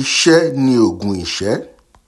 iṣẹ́ ni oògùn ìṣẹ́.